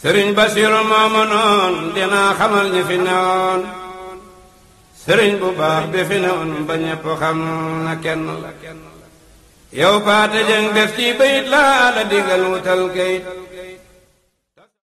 sëriñ Basiru mooma noon dinaa xamal ñi fi sëriñ bu baax bi fi ba ñepp xam na kenn la yow paate jëng def ci bayit laa la digal wutal kayit